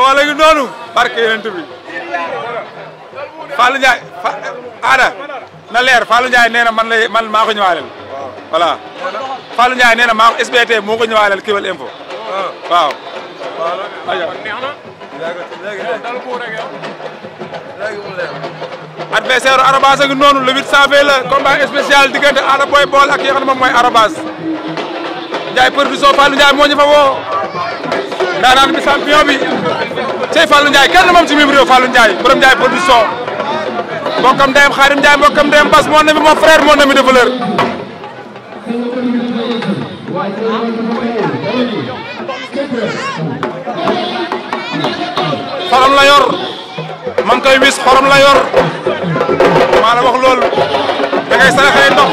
boo léegi noonu barke yonent bi Fallou Ndiaye fa aada na leer Fallou Ndiaye nee man lay man maa ko ñëwaaleel voilà SBT moo ko ñëwaaleel Kewel Info waaw adversaire arobase noonu le 8 janvier la combat spécial diggante Ada Boy Baol ak yoo xam ne moom mooy arobase Ndiaye production Fallou moo ñu fa woo ndaanaan bi champion bi cey Fallou Ndiaye kenn moom ci mim réew Fallou Ndiaye borom Ndiaye production mbokkam ndeyam Xaarim Ndiaye mbokkam ndeyam Bass moo nami mon frère de valeur xorom la yor ma ngi wis xorom la yor maa la wax loolu da ngay ndox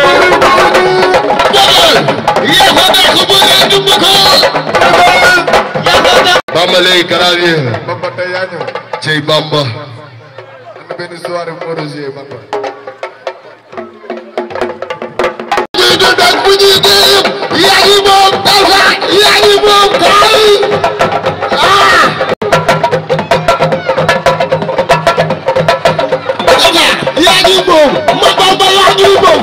dum ko bamba lay karaage bamba tey yaa ñëw cey bamba am na benn soirée bu projet bamba ñuy do dag bu ñuy dem yaa ngi moom bamba yaa ngi moom kaay ah yaa ngi moom ma bamba yaa ngi moom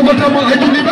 ko tàmm ay junni